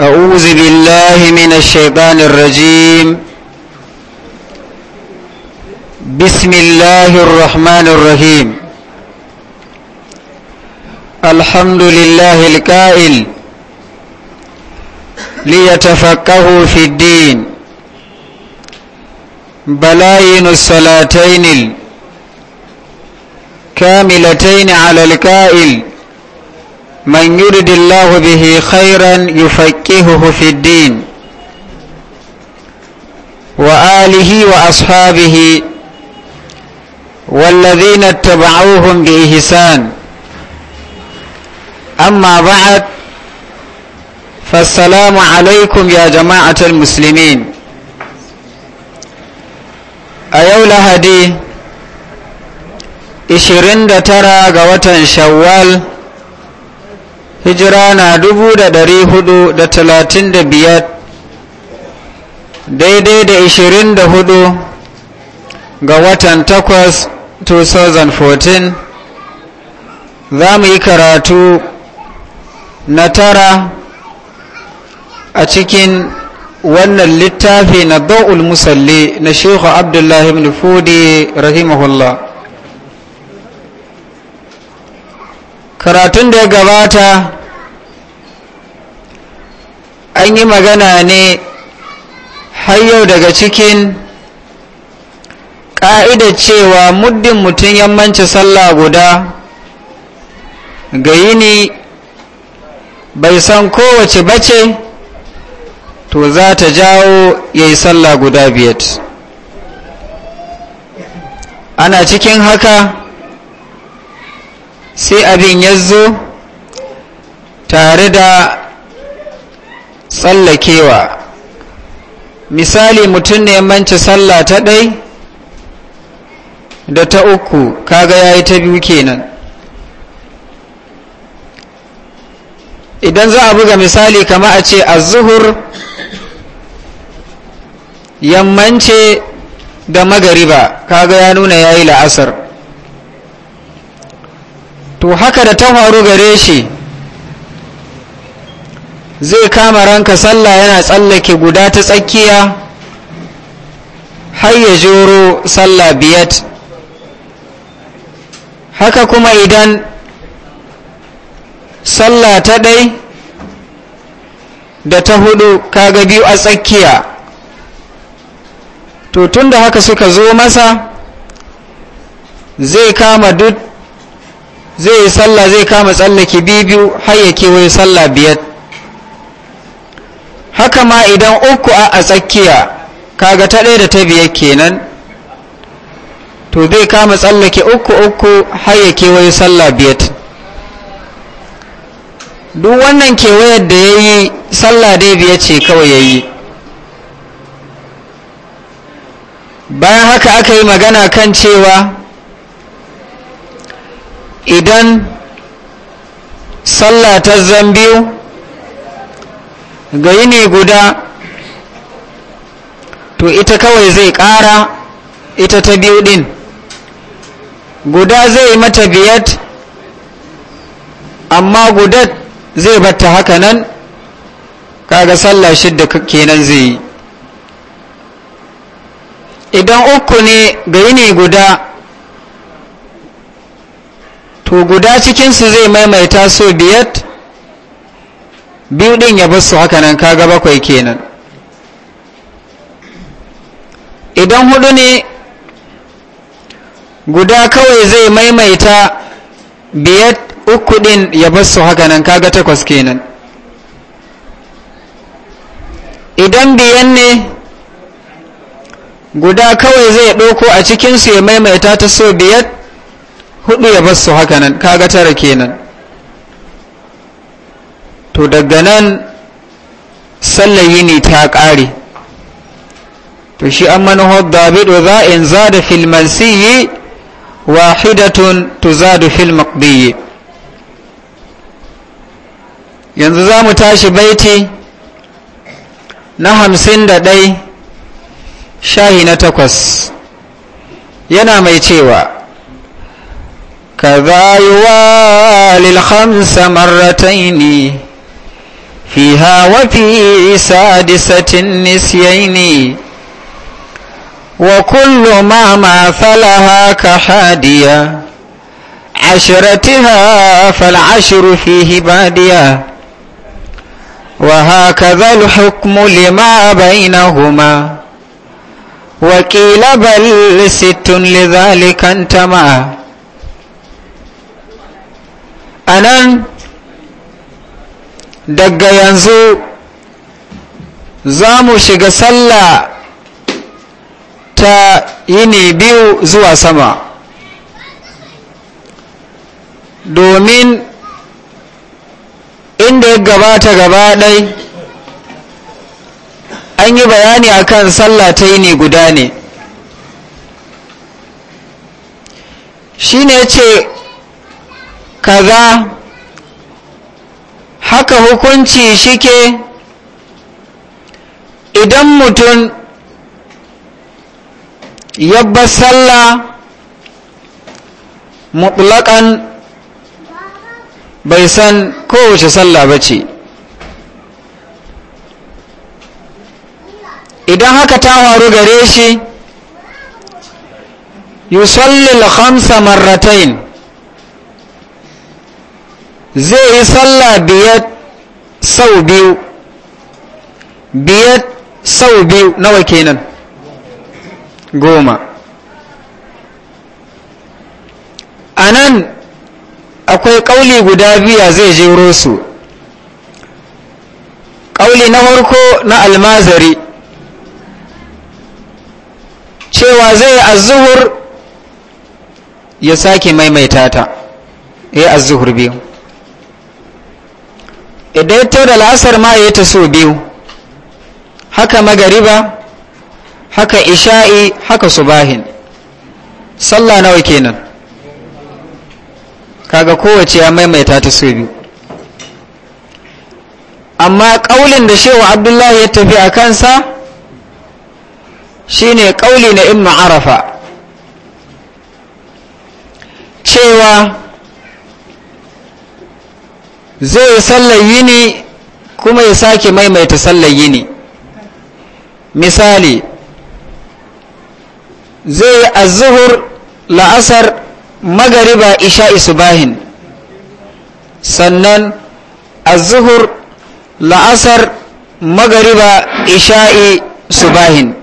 أعوذ بالله من الشيطان الرجيم بسم الله الرحمن الرحيم الحمد لله الكائل ليتفقهوا في الدين بلاين الصلاتين الكاملتين على الكائل من يرد الله به خيرا يفكهه في الدين وآله وأصحابه والذين اتبعوهم بإحسان أما بعد فالسلام عليكم يا جماعة المسلمين أيولا هدي 29 ga watan shawwal hijira na dubu da dari hudu da talatin da biyar daidai da ishirin da hudu ga watan takwas 2014 za mu yi karatu na tara a cikin wannan littafi na dau'ul musalli na shehu abdullahi ibn fudi rahimahullah karatun da ya gabata an yi magana ne har yau daga cikin ƙa'idar cewa muddin mutum yammanci sallah guda ga yini bai san kowace bace to za ta jawo ya yi sallah guda biyar. ana cikin haka sai abin ya zo tare da tsallakewa misali mutum ne manci sallah ta ɗai da ta uku kaga ya yi ta biyu kenan idan za a buga misali kama a ce azuhur yammance da magariba kaga ya nuna ya yi la'asar to haka da ta faru gare shi zai kama ranka sallah yana tsallake guda ta tsakiya har ya joro sallah biyat haka kuma idan sallah ta ɗai da ta hudu kaga biyu a tsakiya to tun da haka suka zo masa zai kama duk zai yi sallah zai kama tsallake biyu har ya kewaye sallah biyar. haka ma idan uku a a tsakiya kaga ta ɗaya da ta biyar kenan to zai kama tsallake uku uku har ya kewaye sallah biyar duk wannan kewayar da ya yi sallah dai biyar ce kawai ya yi bayan haka aka yi magana kan cewa idan sallah ta zan biyu ga yini guda to ita kawai zai ƙara ita ta biyu din guda zai mata biyat amma guda zai batta haka nan kaga sallah shidda kenan zai yi idan uku ne ga yini guda to guda cikinsu zai maimaita so biyat biyu ɗin ya basu haka nan kaga bakwai kenan idan hudu ne guda kawai zai maimaita biyar uku ɗin ya basu haka nan kaga takwas kenan idan biyan ne guda kawai zai ɗauko a cikinsu ya maimaita ta so biyar hudu ya basu haka nan kaga tara kenan to daga nan sallayi ne ta ƙare to shi an manuhar david wa za'in zada filman siyi wahidatun tuzadu fil maqdiyi yanzu za mu tashi baiti na hamsin da ɗai shahi na takwas yana mai cewa كذا يوالي الخمس مرتين فيها وفي سادسة النسيين وكل ما ماثلها كحادية عشرتها فالعشر فيه بادية وهكذا الحكم لما بينهما وقيل بل ست لذلك انتما أنا daga yanzu za mu shiga sallah ta yini biyu zuwa sama domin inda ya gabata gaba ɗai an yi bayani akan sallah ta yini guda ne shi ne ce kaza haka hukunci shike idan mutum ya yabba sallah mutlaƙan bai san kowace sallah ba ce idan haka ta faru gare shi yusallil khamsa marratain zai yi sallah biyar sau biyu biyar sau biyu nawa kenan goma a nan akwai ƙauli guda biya zai jero su ƙauli na farko na almazari cewa zai yi azuhur ya sake maimaita ta ya azuhur biyu idan ta da la'asar ma ya ta so biyu haka magariba haka isha'i haka subahin sallah nawa kenan kaga kowace ya maimaita ta so biyu amma ƙaulin da shewa abdullahi ya tafi a kansa shine ƙauli na imma arafa cewa zai yi sallar yini kuma ya sake maimaita sallar yini misali zai yi azuhur la'asar magariba isha isubahin sannan azuhur la'asar magariba isha'i subahin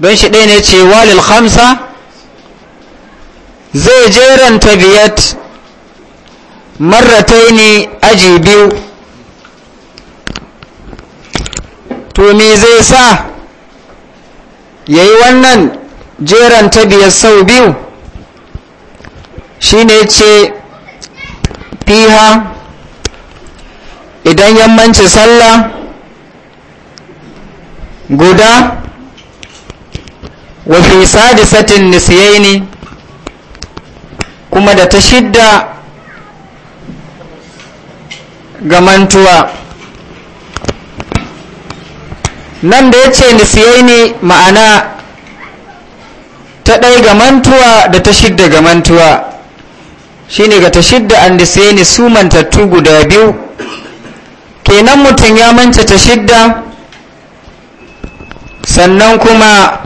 don shi ɗaya ne ce walil khamsa zai jeranta biyat marrataini aji biyu to me zai sa ya yi wannan jeran ta biyar sau biyu shi ne ce fiha idan yammanci sallah guda wafi sadisatin nisiyaini kuma da ta shidda Gamantuwa nan da ya ce nisiyaini ma'ana ta ɗai gamantuwa da ta shidda gamantuwa mantuwa shine ga ta shidda an nisiyaini su mantattu guda biyu kenan mutum ya manta ta shidda sannan kuma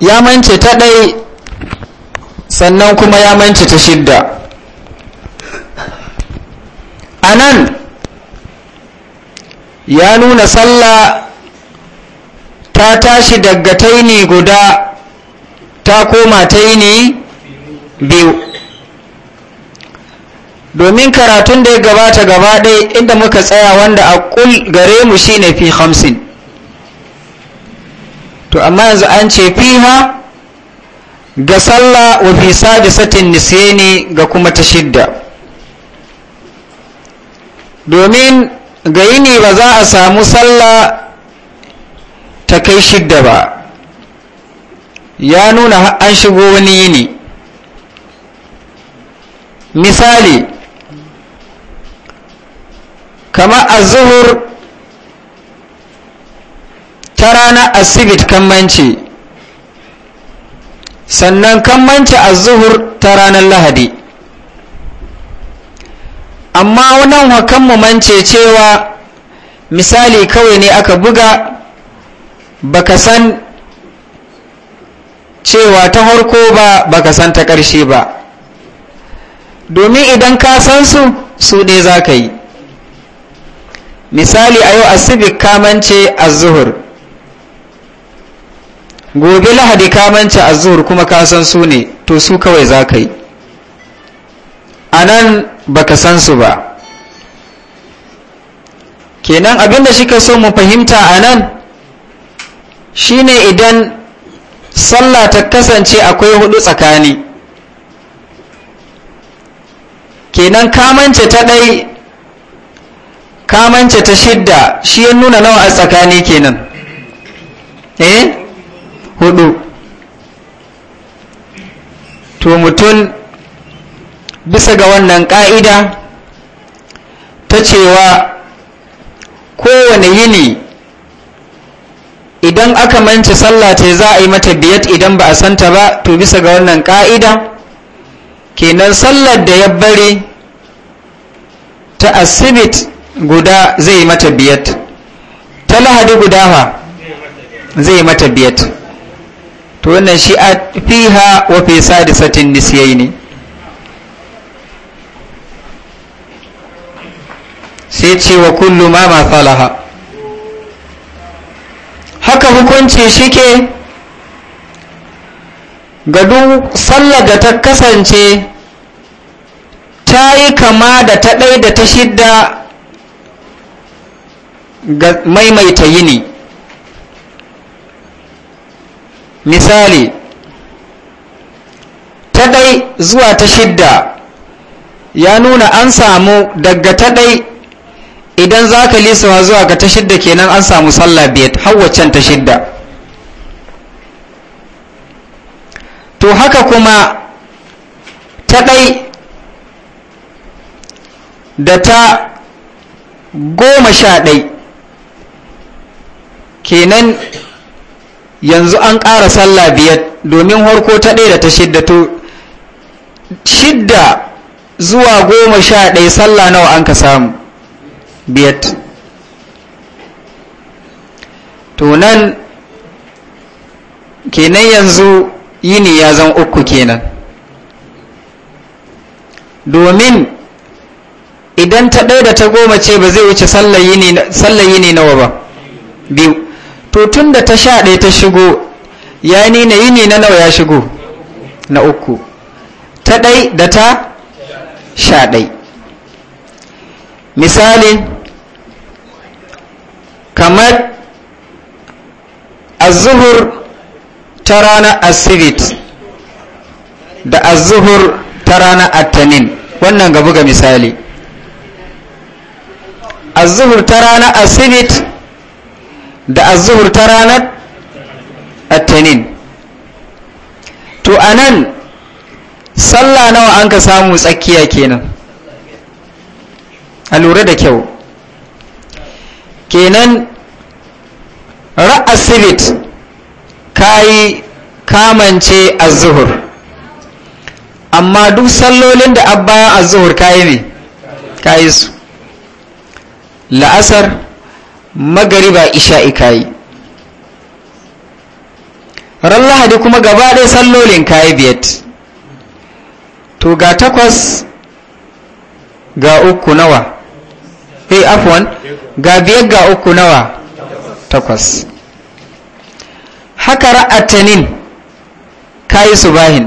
ya mance ta ɗai sannan kuma ya mance ta shidda a nan ya nuna sallah ta tashi daga taini guda ta koma taini biyu domin karatun da ya gabata gaba ɗaya inda muka tsaya wanda a ƙul gare mu shi ne fi hamsin to amma yanzu an ce fiha ga sallah wa fi satin nisiyeni ga kuma ta shidda domin ga yini ba za a samu sallah ta kai shidda ba ya nuna an shigo wani yini misali a azuhur ta rana asibit kammanci sannan kammanci azuhur ta ranar lahadi amma wannan wakan mu mance cewa misali kawai ne aka buga baka san cewa ta harko ba baka san ta ƙarshe ba domin idan ka san su su ne za ka yi misali a yau asibik kamance zuhur gobe lahadi kamance azuhur kuma ka san su ne to su kawai za ka yi a nan baka san su ba kenan abinda shi ka so mu fahimta a nan shine idan sallah ta kasance akwai hudu tsakani kenan kamance ta ɗai kamance ta shidda shi ya nuna nawa a tsakani kenan eh hudu to mutum bisa ga wannan ƙa'ida ta cewa kowane yini idan aka manci sallah ce za a yi mata biyat idan ba a santa ba to bisa ga wannan ƙa'ida kenan sallar da ya bari ta asibit guda zai mata biyat ta lahadi guda ha zai mata biyat to wannan shi a fiha wa fi sadisatin nisiyai ne sai ce wa kullu ma haka hukunci shike ga duk sallar da ta kasance ta yi kama da ta ɗai da ta shidda ga maimaita yini misali ta ɗai zuwa ta shidda ya nuna an samu daga ta ɗai idan za ka lisawa zuwa ga ta shidda kenan an samu sallah biyar hawaccan ta shidda to haka kuma ta ɗai da ta goma sha ɗai kenan yanzu an ƙara sallah biyar domin harko ta ɗaya da ta shidda to shidda zuwa goma sha ɗaya sallah nawa an ka samu biyat tunan kenan yanzu yini ya zan uku kenan domin idan ta ɗaya da ta goma ce ba zai wuce sallar yini nawa ba biyu to tun da ta sha ɗaya ta shigo ya nina yini na nawa ya shigo na uku ta ɗai da ta sha ɗai misalin kamar azuhur ta ranar asibit da azuhur ta ranar attanin wannan ga buga misali azuhur ta ranar asibit da azuhur ta ranar attanin to a nan sallah nawa an ka samu tsakiya kenan a lura da kyau kenan ra'asibit kayi kamance azuhur amma duk sallolin da abbayan azuhur kayi ne kayi su la'asar magariba isha'i kayi ran lahadi kuma gaba ɗaya sallolin kayi biyat to ga takwas ga uku nawa eh afwan ga biyar ga uku nawa takwas haka ra'atanin kayi bahin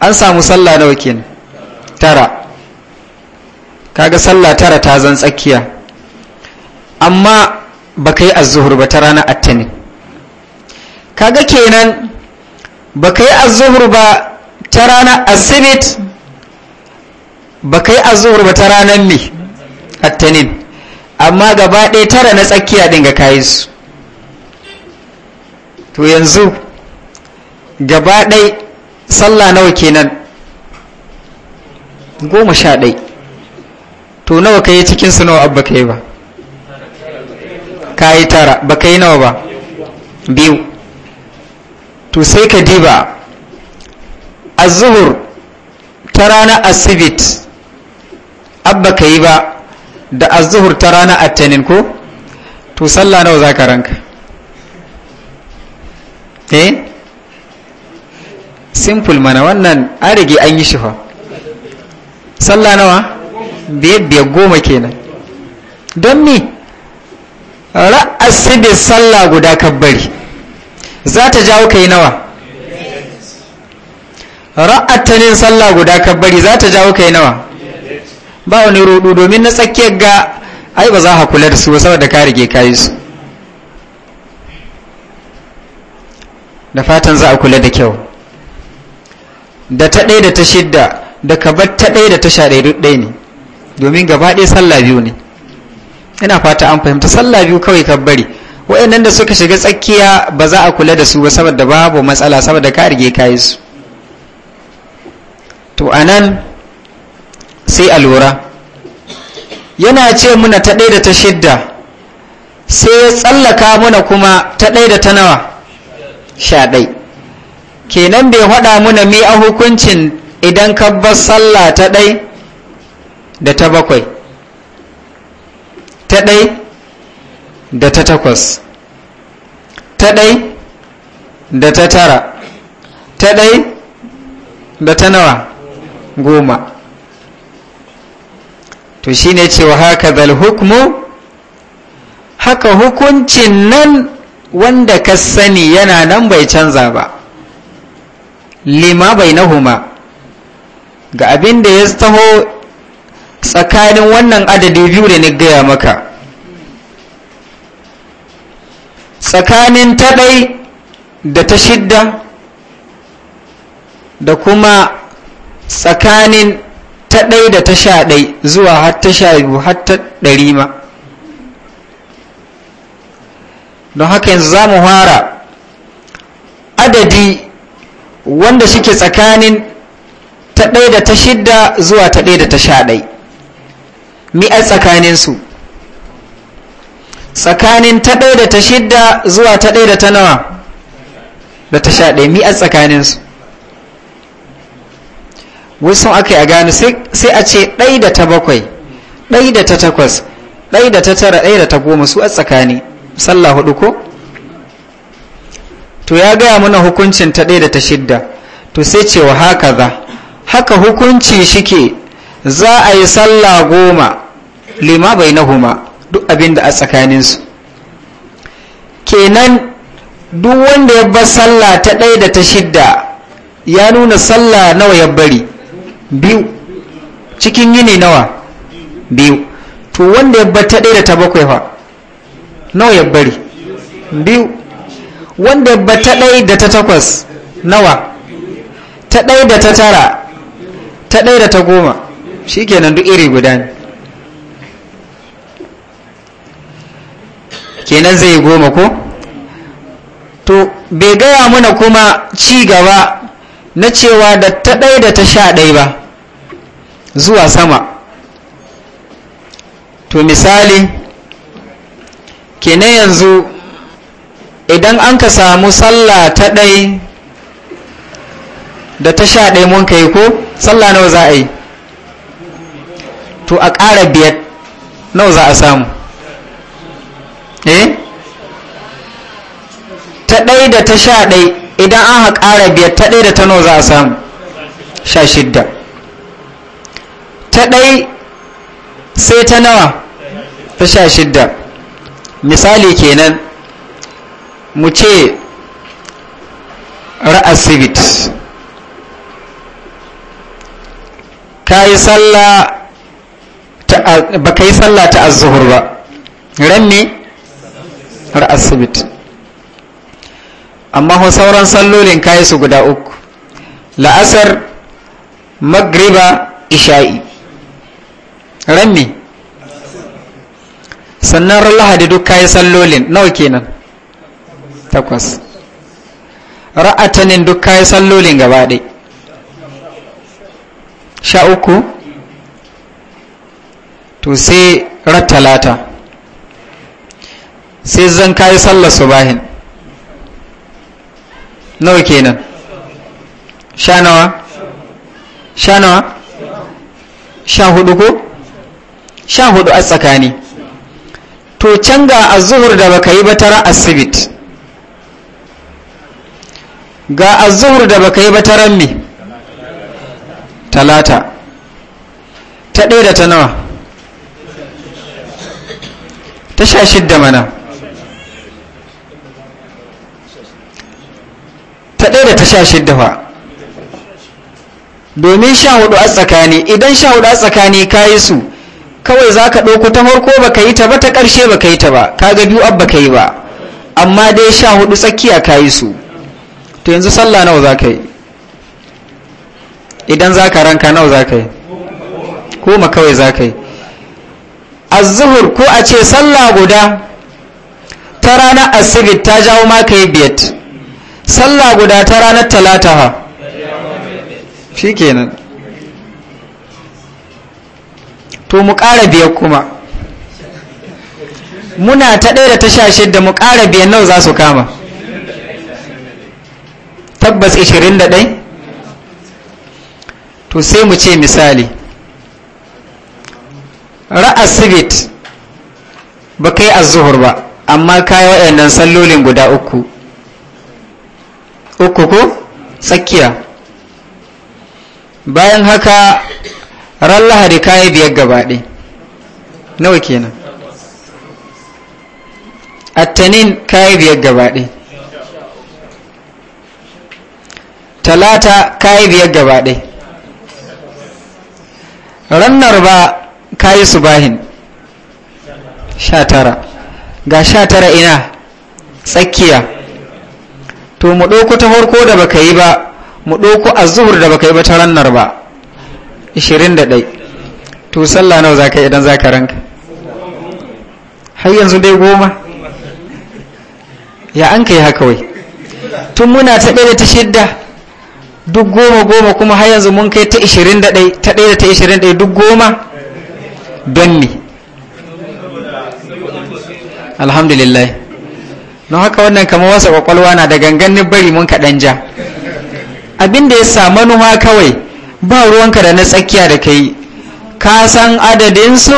an samu sallah na wakil tara kaga sallah tara ta zan tsakiya amma baka yi azuhur ba ta ranar attanin kaga kenan baka yi azuhur ba ta ranar asibit baka yi azuhur ba ta ranar ne. attanin amma gaba ɗaya tara na tsakiya ɗin ga kayi su to yanzu gaba ɗai sallah nawa kenan goma sha ɗai to nawa ka yi cikinsu nawa abba ka yi ba ka yi tara ba ka yi nawa ba biyu to sai ka diba a zuhur ta ranar asibit abba ka yi ba da azuhur ta rana attanin ko to sallah nawa za ka ranka eh simple mana wannan an rage an yi shifa sallah nawa biyar biyar goma kenan don me ra'asi da sallah guda kabbari za ta jawo kai nawa ra'atanin sallah guda kabbari za ta jawo kai nawa ba wani rudu domin na tsakiyar ga ai ba za a kula da su saboda ka rige yi su da fatan za a kula da kyau da ta ɗaya da ta shidda da ka bar ta ɗaya da ta sha ɗaya ɗaya ne domin gaba ɗaya sallah biyu ne ina fata an fahimta sallah biyu kawai ka bari waɗannan da suka shiga tsakiya ba za a kula da su ba saboda babu matsala saboda ka rige yi su to anan sai a lura yana ce muna ta ɗaya da ta shidda sai ya tsallaka muna kuma ta ɗaya da ta nawa sha ɗai kenan bai haɗa muna mai a hukuncin idan ka bar sallah ta ɗai da ta bakwai ta ɗai da ta takwas ta ɗai da ta tara ta ɗai da ta nawa goma to shi shine cewa haka zal hukmu haka hukuncin nan wanda ka sani yana nan bai canza ba lima bai nahuma ga abin da ya taho tsakanin wannan adadi biyu da na gaya maka tsakanin taɗai da ta shidda da kuma tsakanin ta ɗai da ta sha ɗai zuwa har ta sha biyu har ta ɗari ma don haka yanzu za mu fara adadi wanda shike tsakanin ta ɗai da ta shidda zuwa ta ɗai da ta sha ɗai mi a tsakaninsu tsakanin ta ɗai da ta shidda zuwa ta ɗai da ta nawa da ta sha ɗai mi a tsakaninsu wai sun aka yi a gano sai a ce ɗai da ta bakwai ɗai da ta takwas ɗai da ta tara ɗai da ta goma su a tsakani sallah hudu ko to ya gaya mana hukuncin ta ɗai da ta shidda to sai cewa haka za haka hukunci shike za a yi sallah goma lima bai na huma duk abin da a tsakaninsu kenan duk wanda ya bar sallah ta ɗaya da ta shidda ya nuna sallah nawa ya bari biyu cikin yini nawa biyu to wanda ya bar ta ɗaya da ta bakwai fa nawa ya bari biyu wanda ya bar ta ɗaya da ta takwas nawa ta ɗaya da ta tara ta ɗaya da ta goma shi kenan duk iri guda ne kenan zai goma ko to bai gaya mana kuma ci gaba na cewa da ta ɗai da ta sha ɗai ba zuwa sama to misali kenan yanzu idan an ka samu sallah ta ɗai da ta sha ɗai mun kai ko sallah nawa za a yi to a ƙara biyar nawa za a samu eh ta ɗai da ta sha ɗai idan an haƙara biyar ta ɗaya da ta nawa za a samu sha shidda ta ɗai sai ta nawa ta sha shidda misali kenan mu ce ra'a ka yi sallah ba ka yi sallah ta azuhur ba ran ne ra'asibit amma ho sauran sallolin kayi su guda uku la'asar magriba isha'i ranni sannan ran lahadi duk kayi sallolin nawa kenan takwas ra'atanin duk kayi sallolin gaba ɗai sha uku to sai ratalata. talata sai zan kayi sallar subahin nawa kenan sha nawa sha nawa sha hudu ko sha hudu a tsakani to can ga a zuhur da baka yi ba tara asibit ga a zuhur da baka yi ba taran me talata ta ɗaya da ta nawa ta sha shidda mana ɗaya da ta sha shidda fa domin sha hudu a tsakani idan sha hudu a tsakani ka yi su kawai za ka ɗauko ta marko ba ka yi ta ba ta ƙarshe ba ka yi ta ba ka ga biyu abba ka yi ba amma dai sha hudu tsakiya ka yi su to yanzu sallah nawa za ka yi idan za ka ranka nawa za ka yi koma kawai za ka yi zuhur ko a ce sallah guda ta ranar asibit ta jawo ma ka yi biyat sallah guda ta ranar talata ha shi kenan to mu ƙara biyar kuma muna ta ɗaya da ta sha shidda mu ƙara biyar nau za su kama tabbas 21 to sai mu ce misali ra'a sibit ba kai azuhur ba amma kayi waɗannan sallolin guda uku uku ko tsakiya bayan haka ran lahadi kayi biyar gabaɗe nawa kenan attanin kayi biyar gabaɗe talata kayi biyar gabaɗe rannar ba kayi bahin sha tara ga sha tara ina tsakiya to mu ɗauko ta farko da baka yi ba mu ɗauko azuhur da baka yi ba ta rannar ba 21 to sallah nawa za ka idan za ka ranka har yanzu dai goma ya an ka yi haka wai tun muna ta ɗaya da ta shidda duk goma goma kuma har yanzu mun kai ta 21 ta ɗaya da ta 21 duk goma don ne, alhamdulillah don haka wannan kamar wasa kwakwalwa na da ganganin bari mun kaɗan ja abin da ya sa manuwa kawai ba ruwanka da na tsakiya da ka yi ka san adadinsu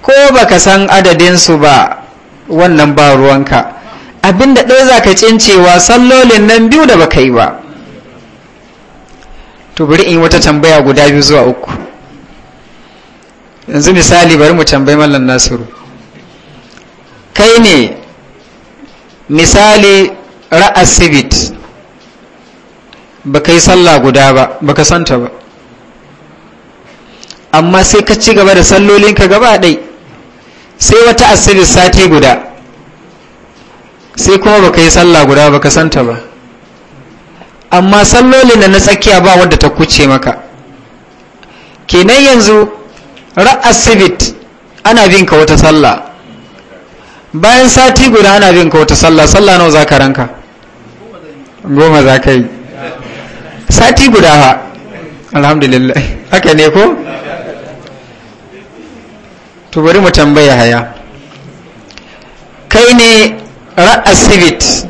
ko ba ka san adadinsu ba wannan ba ruwanka abin da ɗaya za ka cincewa sallolin nan biyu da baka yi ba to bari in wata tambaya guda biyu zuwa uku yanzu misali bari mu tambayi mallan nasiru kai ne misali ra'asibit ba ka yi sallah guda ba ba ka santa ba amma sai ka ci gaba da sallolinka gaba ɗai sai wata asibit sati guda sai kuma ba ka yi sallah guda ba ka santa ba amma sallolin da na tsakiya ba wadda ta kuce maka kenan yanzu ra'asibit ana bin ka wata sallah bayan sati guda ana bin ka wata sallah sallah nawa za ka ranka goma za ka yi sati guda ha alhamdulillah haka ne ko to bari mu tambaya haya kai ne ra'asibit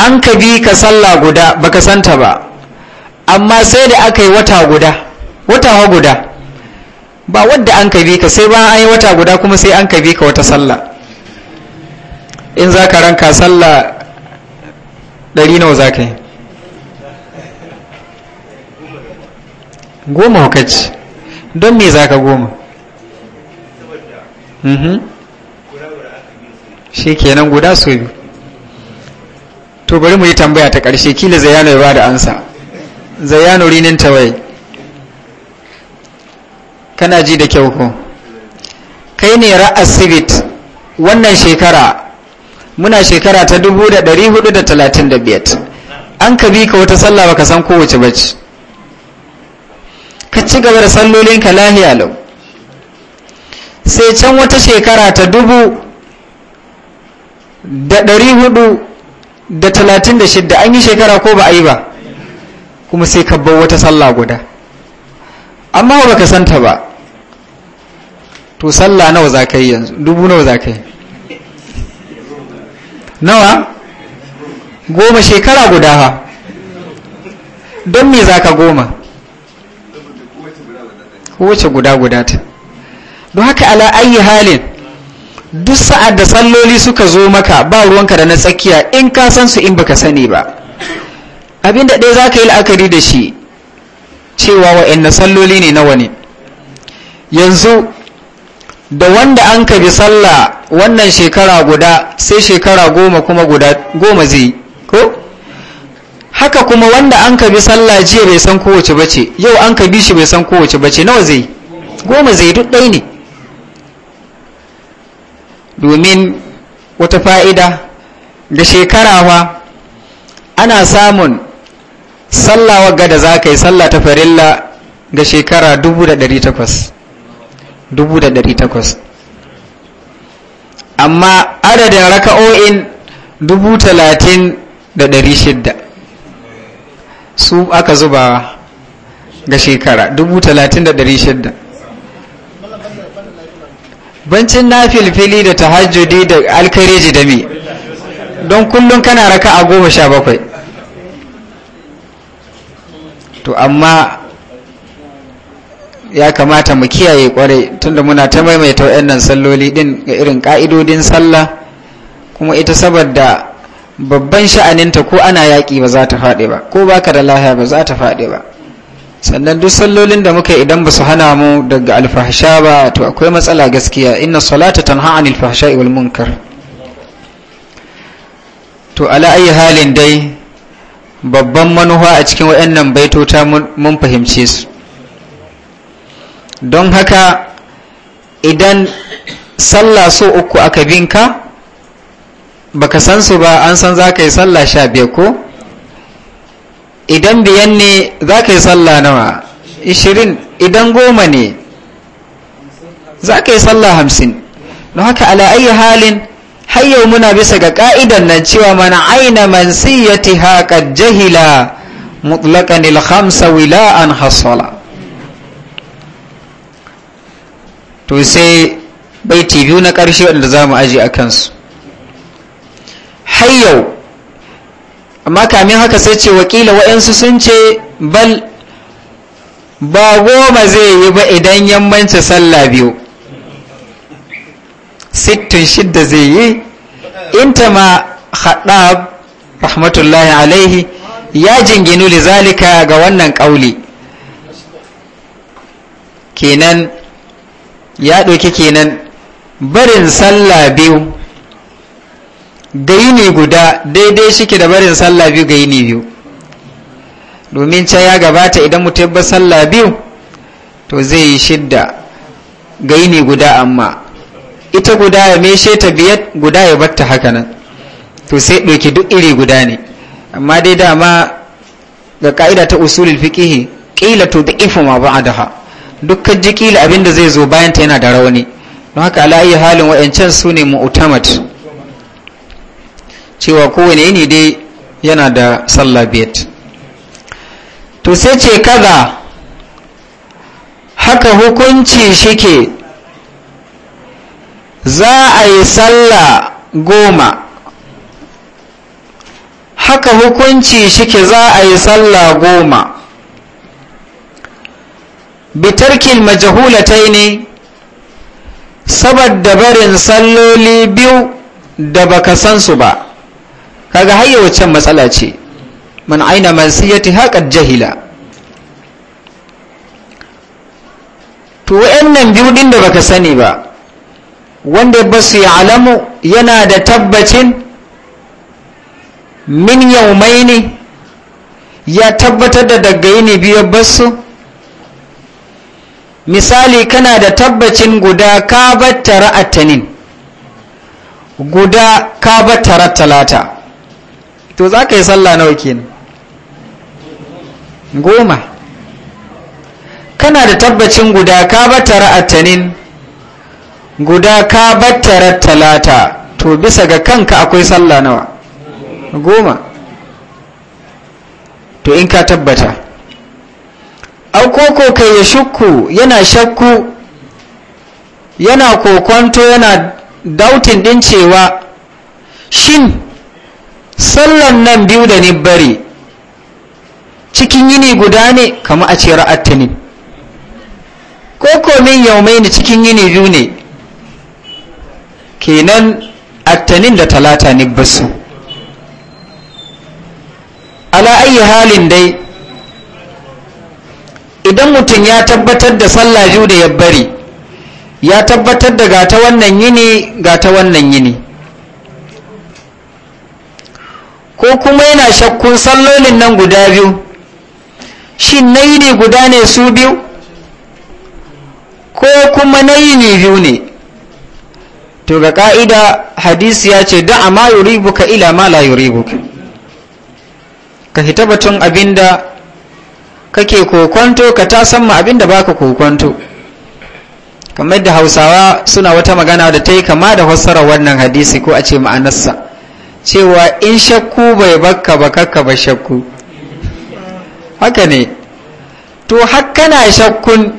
an ka bi ka sallah guda baka santa ba amma sai da aka yi wata guda wata guda ba wadda an ka bi ka sai ba an yi wata guda kuma sai an ka bi ka wata sallah in za ka ranka sallah ɗari nawa za ka yi goma hukaci don me za ka goma mhm. shi kenan guda so biyu to bari mu yi tambaya ta ƙarshe kila zayano ya ba da ansa zayano rinin tawaye kana ji da kyau ko kai ne ra'asibit wannan shekara muna shekara ta 1435 an ka bi ka wata sallah baka san kowace bacci ka ci gaba da sallolin ka lahiya lau sai can wata shekara ta dubu da dari hudu da talatin da shida an yi shekara ko ba a yi ba kuma sai ka bar wata sallah guda amma ba ka santa ba to sallah nawa za ka yi yanzu dubu nawa za ka yi nawa goma shekara guda ha don me za ka goma kowace guda guda ta don haka ala ayi halin duk sa'ad da salloli suka zo maka ba ruwanka da na tsakiya in ka san su in baka sani ba abinda ɗaya za ka yi la'akari da shi cewa wa'in na salloli ne nawa ne yanzu da wanda an ka bi sallah wannan shekara guda sai shekara goma kuma guda goma zai ko haka kuma wanda an ka bi sallah jiya bai san kowace bace yau an ka bi shi bai san kowace bace nawa zai goma zai duk ɗai ne domin wata fa'ida da shekara ma ana samun sallawa da za ka yi sallah ta farilla ga shekara 1800 1800 amma adadin raka'o'in 30600 su aka zuba ga shekara 30600 bancin na filfili da tahajjudi da alkariji da me don kullum kana raka a goma sha bakwai to amma ya kamata mu kiyaye kwarai tunda muna ta maimaita wayannan salloli din ga irin ka'idodin sallah kuma ita saboda babban sha'aninta ko ana yaƙi ba za ta faɗi ba ko baka da lahiya ba za ta faɗi ba sannan duk sallolin da muka idan ba su hana mu daga alfahasha ba to akwai matsala gaskiya inna salata tanha anil fahsha'i wal munkar to ala ayi halin dai babban manufa a cikin wayannan baitota mun fahimce su don haka idan sallah so uku aka binka baka san su ba an san za ka yi sallah sha biyu ko idan biyan ne za ka yi sallah nawa ishirin idan goma ne za ka yi sallah hamsin don haka ala'ayi halin hayyau muna bisa ga ka'idan nan cewa mana aina man siyati haƙar jahila mutlaƙanil hamsa an hasala to sai baiti biyu na ƙarshe wanda za mu aji a kansu hayyau amma kamin haka sai ce wakila wa'yansu sun ce bal ba goma zai yi ba idan yammanci sallah biyu sittin shidda zai yi inta ma haɗab rahmatullahi alaihi ya jinginu lizalika ga wannan ƙauli kenan ya ɗauki kenan barin sallah biyu ga yini guda daidai shike da barin sallah biyu ga yini biyu domin can ya gabata idan mutum ya bar sallah biyu to zai yi shidda ga yini guda amma ita guda ya meshe ta biyar guda ya batta haka nan to sai ɗauki duk iri guda ne amma dai dama ga ka'ida ta usulul fiqihi qila ifa ma ba'daha dukkan jikila da zai zo bayan ta yana da rauni don haka ala'ayi halin wa'ancan su ne mu'tamat cewa kowane yini dai yana da sallah biyat to sai ce kaza haka hukunci shike za a yi sallah goma haka hukunci shike za a yi sallah goma bitarkil majahulatai ne saboda barin salloli biyu da baka san su ba kaga hayya waccan matsala ce man aina masiyati haqa jahila to wa'annan biyu din da baka sani ba wanda basu ya alamu yana da tabbacin min yau ya tabbatar da daga yini biyu basu misali kana da tabbacin guda ka battara attanin guda ka battara talata to za ka yi sallah nawa kenan goma kana da tabbacin guda ka battara attanin guda ka battara talata to bisa ga kanka akwai sallah nawa goma to in ka tabbata au koko kai ya shukku yana shakku yana kokonto yana dautin din cewa shin sallan nan biyu da ni bari cikin yini guda ne kama a ce ra'attinin koko min yaumai ne cikin yini biyu ne kenan attanin da talata ni basu ala ayi halin dai idan mutum ya tabbatar da sallah biyu da ya bari ya tabbatar da ga wannan yini ga wannan yini ko kuma yana shakkun sallolin nan guda biyu shi na yi ne guda ne su biyu ko kuma na yi ne biyu ne to ga ka'ida hadisi ya ce da'a ma buka ila ma la buka ka hita batun abinda kake kokonto ka ta san ma abin da baka kokonto kamar da hausawa suna wata magana da ta yi kama da fassarar wannan hadisi ko a ce ma'anarsa cewa in shakku bai bakka ba kakka ba shakku haka ne to hakkana shakkun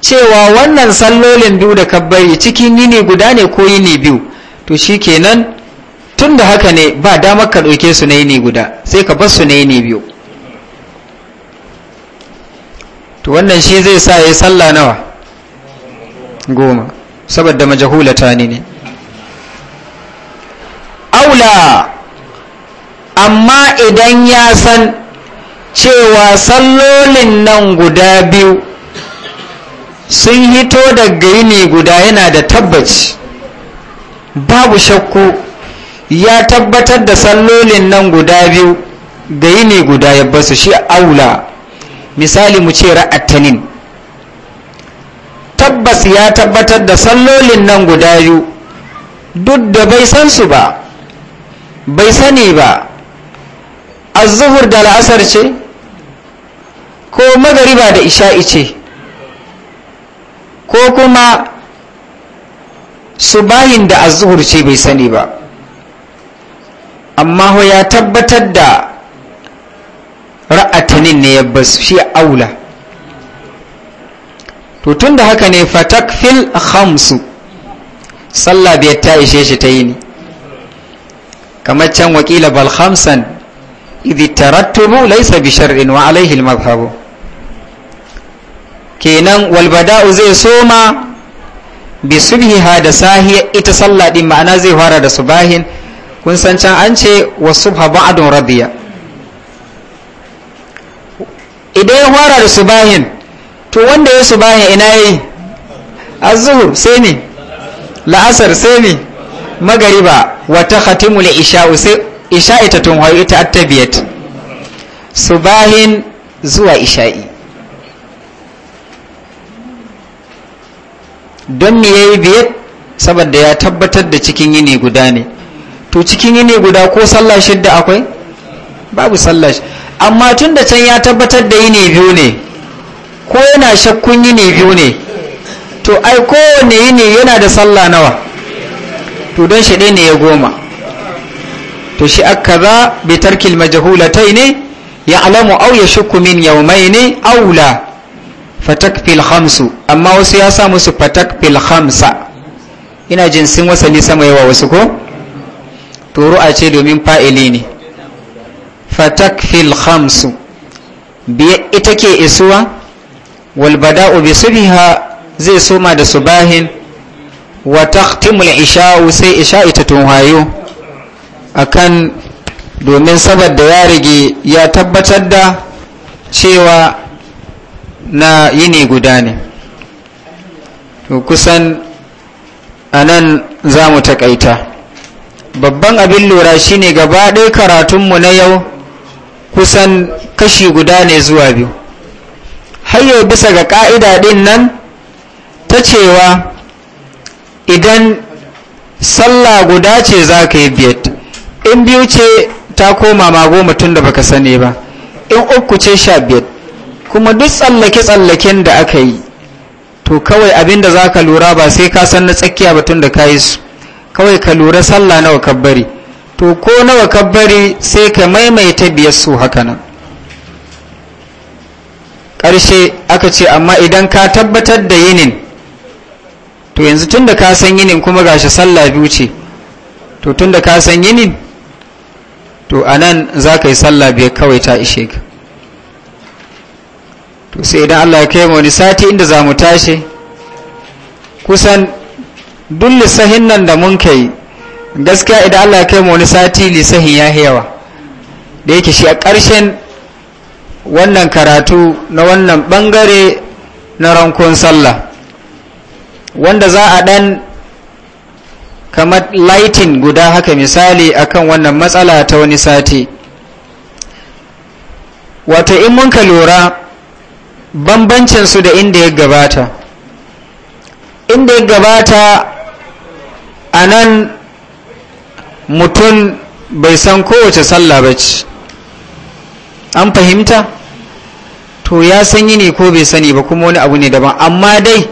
cewa wannan sallolin biyu da kabbari cikin yini guda ne ko yini biyu to shi kenan tun da haka ne ba damar ka ɗauke su na yini guda sai ka bar su na yini biyu to wannan shi zai sa ya salla nawa goma saboda majahulata ne ne aula amma idan ya san cewa sallolin nan guda biyu sun hito daga yini guda yana da tabbaci babu shakku ya tabbatar da sallolin nan guda biyu ga yini guda ya basu shi aula misali mu ce ra'attanin tabbas ya tabbatar da sallolin nan guda biyu duk da bai san su ba bai sani ba azuhur da la'asar ce ko magariba da isha'i ce ko kuma subahin da azuhur ce bai sani ba amma ya tabbatar da ra'at mutumin ne ya basu shi aula to tun da haka ne fatakfil khamsu sallah biyar ta ishe shi ta yi ne kamar can wakila bal khamsan idh tarattubu laysa bi shar'in wa alayhi al madhhabu kenan wal bada'u zai soma bi subhiha da sahiya ita sallah din ma'ana zai fara da subahin kun san can an ce wa subha ba'dun radiya idan ya fara da subahin to wanda ya subahin ina yi azuhur sai ne la'asar sai ne magariba wata khatimul isha'u usai isha ta tun hayu ita attabiyat subahin zuwa isha'i don me yayi biyar saboda ya tabbatar da cikin yini guda ne to cikin yini guda ko sallah shidda akwai babu sallah amma tun da can ya tabbatar da yini biyu ne ko yana shakkun yini biyu ne to ai kowane yini yana da sallah nawa to don shi ne ya goma to shi aka za bi tarkil majahulatai ne ya alamu au ya shukku min yaumai ne aula fatak fil hamsu amma wasu ya sa musu fatak fil hamsa ina jinsin wasanni sama yawa wasu ko to ru'a ce domin fa'ili ne fatakfil khamsu biya ita ke isuwa walbada'u bi subha zai soma da subahin wa taqtimul isha'u sai isha'i ta tunhayo akan domin saboda ya rige ya tabbatar da cewa na yini guda ne to kusan anan zamu takaita taƙaita babban abin lura shine gaba ɗaya karatunmu na yau kusan kashi guda ne zuwa biyu hayo bisa ga ƙa'ida ɗin nan ta cewa idan sallah guda ce za ka yi biyat in biyu ce ta koma ma goma tun da baka sani ba in uku ce sha biyar kuma duk tsallake-tsallaken da aka yi to kawai abin da za ka lura ba sai ka san na tsakiya ba tun da ka yi su kawai ka lura sallah nawa ka bari to ko nawa ka bari sai ka maimaita biyar su haka nan? ƙarshe aka ce amma idan ka tabbatar da yinin to yanzu tun da ka san yinin kuma gashi sallah biyu ce to tun da ka san yinin to a nan za ka yi sallah biyar kawai ta ishe ka to sai idan allah ya kai wani sati inda za mu tashi kusan duk lissahin nan da mun kai gaskiya idan Allah kai mu wani sati lisahin ya yawa da yake shi a ƙarshen wannan karatu na wannan ɓangare na rankon sallah wanda za a ɗan kamar lighting guda haka misali akan wannan matsala ta wani sati wato in mun ka lura su da inda ya gabata inda ya gabata a nan mutum bai san kowace sallah ba ce an fahimta to ya sanyi ne ko bai sani ba kuma wani abu ne daban amma dai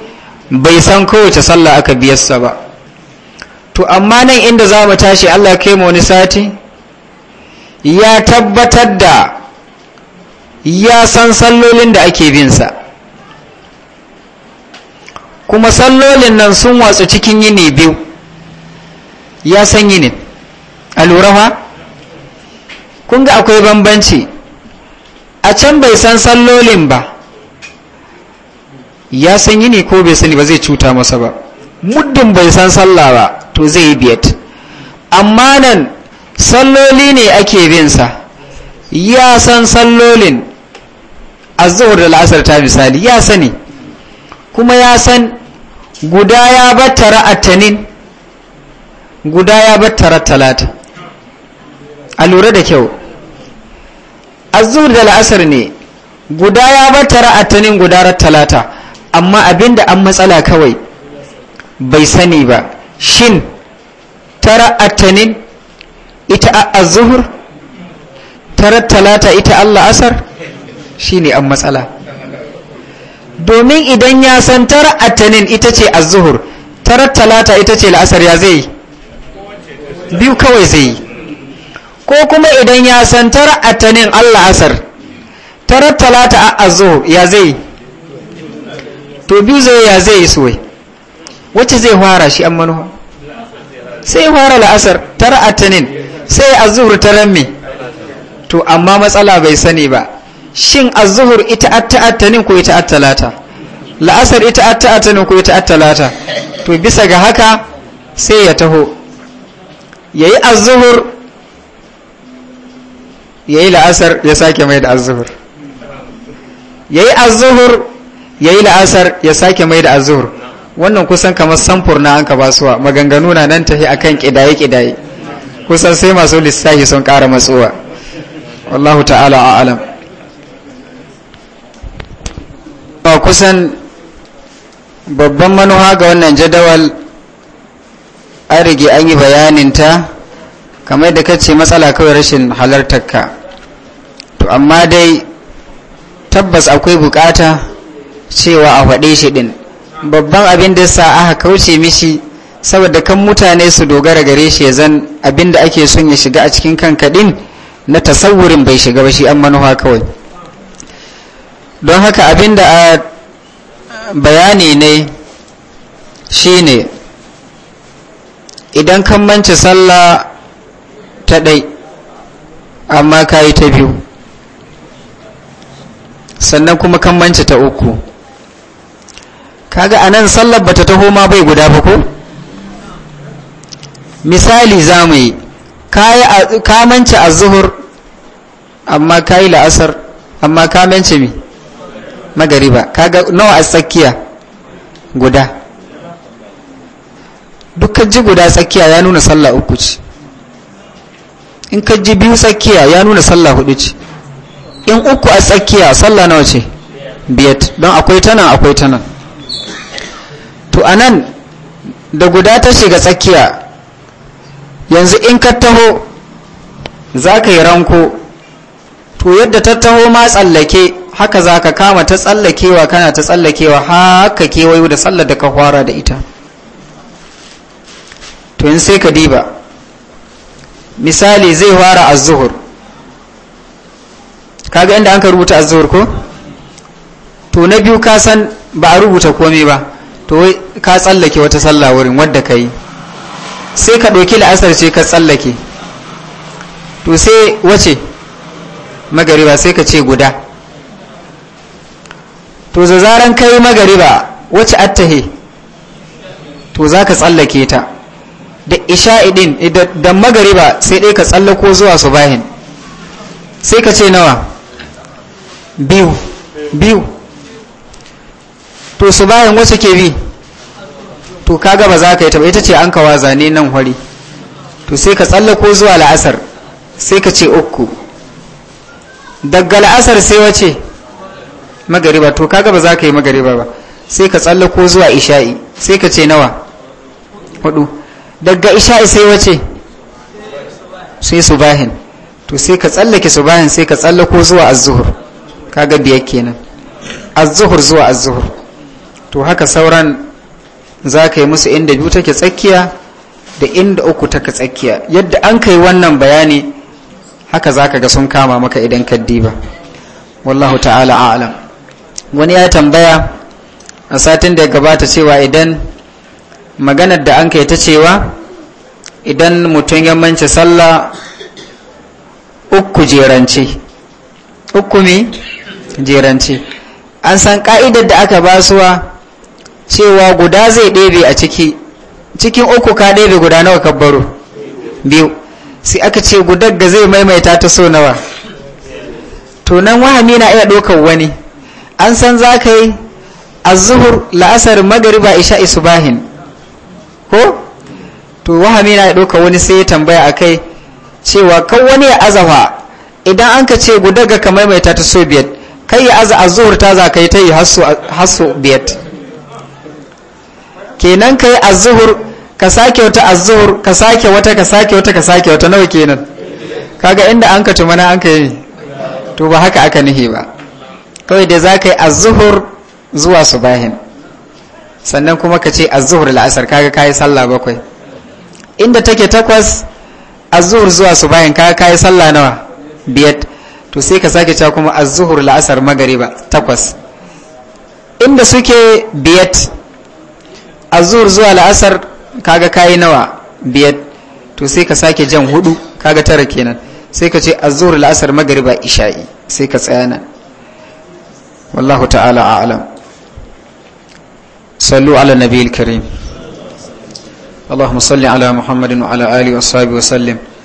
bai san kowace sallah aka biyarsa ba to amma nan inda za mu tashi allah kai mu wani sati ya tabbatar da ya san sallolin da ake sa kuma sallolin nan sun watsa cikin yini biyu ya san yinin a lura kun ga akwai bambanci a can bai san sallolin ba ya san yini ko bai sani ba zai cuta masa ba muddin bai san sallah ba to zai yi biyat amma nan salloli ne ake binsa ya san sallolin azuhur da la'asar ta misali ya sani kuma ya san guda ya battara attanin guda ya battara talata a lura da kyau azur da la'asar ne guda ya bata ra'atanin guda talata amma abinda an matsala kawai bai sani ba shin ta ra'atanin ita azur ta talata ita allah asar shine an matsala domin idan ya san ta ra'atanin ita ce as-zuhur ta talata ita ce la'asar ya zai biyu kawai zai yi ko kuma idan ya san tara atanin Allah asar tara talata a azo ya zai to biyu zai ya zai yi, iso wacce zai fara shi an manuwa sai fara la'asar tara atanin sai azuhur taran me to amma matsala bai sani ba shin azuhur ita atta-attanin ko ita attalata la'asar ita atta-attanin ko ita attalata to bisa ga haka sai ya taho ya yayi azuhur ya yi la'asar ya sake mai da azuhur ya yi azuhur ya yi ya sake mai da azuhur wannan kusan kamar samfur na an ka basuwa maganganu na nan tafi akan kidaye-kidaye kusan sai masu lissahi sun kara matsuwa wallahu ta'ala a alam kusan babban manuha ga wannan jadawal an rige an yi bayanin ta. kamar da kace matsala kawai rashin halartarka to amma dai tabbas akwai bukata cewa a faɗe shi ɗin babban abin da sa aka kauce mishi saboda kan mutane su dogara gare shi ya zan abin da ake son ya shiga a cikin kanka ɗin na tasawurin bai shiga ba shi an manuwa kawai don haka abin da a ah, bayani ne shine idan kan manci sallah ta ɗai amma ka yi ta biyu sannan kuma kan manci ta uku kaga a nan sallar bata taho ma bai guda ba ko misali za mu yi ka manci a zuhur amma ka yi la'asar amma ka manci mi magariba kaga nawa a tsakiya guda dukkan ji guda tsakiya ya nuna sallah uku ce in ka ji biyu tsakiya ya nuna sallah hudu ce in uku a tsakiya sallah nawa ce biyat don akwai tana akwai tana to anan da guda ta shiga tsakiya yanzu in ka taho za ka yi ranko to yadda ta taho ma tsallake haka za ka kama ta tsallakewa kana ta tsallakewa haka kewayo da sallar da ka fara da ita to in sai ka diba misali zai fara azuhur. zuhur kaga inda an ka rubuta azuhur zuhur ko to na biyu ka san ba a rubuta komai ba to ka tsallake wata sallah wurin wadda ka yi sai ka ɗauki la'asar ce ka tsallake to sai wace magariba sai ka ce guda to zazaran kai magariba wace attahe to za ka tsallake ta da isha'i din eh, da magariba sai dai ka tsallako zuwa su bahin sai ka ce nawa biyu biyu to su bahin wasu ke bi to kaga ba za ka yi ta ita ce an kawa zane nan hori to sai ka tsallako zuwa la'asar sai ka ce uku daga la'asar sai wace magariba to kaga ba za ka yi magariba ba sai ka tsallako zuwa isha'i sai ka ce nawa hudu daga isha'i sai wace sai subahin to sai ka tsallake subahin sai ka tsallako zuwa azuhur kaga biyar kenan azuhur zuwa azuhur to haka sauran za ka yi musu inda biyu take tsakiya da inda uku take tsakiya yadda an kai wannan bayani haka za ka ga sun kama maka idan ka diba wallahu ta'ala a'lam wani ya tambaya a satin da ya gabata cewa idan maganar da an kai ta cewa idan mutum ya manci sallah uku jerance uku jerance an san ka'idar da aka ba suwa cewa guda zai ɗebe a ciki cikin uku ka ɗebe guda nawa kabbaro biyu sai aka ce gudar ga zai maimaita ta so nawa to nan wahami na iya ɗaukar wani an san za ka yi azuhur la'asar magariba isha isubahin ko to wahami na ɗauka wani sai ya tambaya a kai cewa kan wani ya azafa idan an ka ce guda ga kamar mai ta so biyar kai ya aza azuhur ta za ka yi ta yi hasso biyar kenan ka yi azuhur ka sake wata azuhur ka sake wata ka sake wata ka sake wata nawa kenan kaga inda an ka tuma na an ka yi to ba haka aka nihi ba kawai da za ka yi azuhur zuwa su bahin. sannan kuma ka ce azuhur la'asar kaga kayi sallah bakwai inda take takwas azuhur zuwa su bayan kaga kayi sallah nawa biyar to sai ka sake cewa kuma azuhur la'asar magariba takwas inda suke biyar azuhur zuwa la'asar kaga kayi nawa biyar to sai ka sake jan hudu kaga tara kenan sai ka ce azuhur la'asar magariba isha'i sai ka tsaya nan wallahu ta'ala a'lam صلوا على النبي الكريم اللهم صل على محمد وعلى آله وصحبه وسلم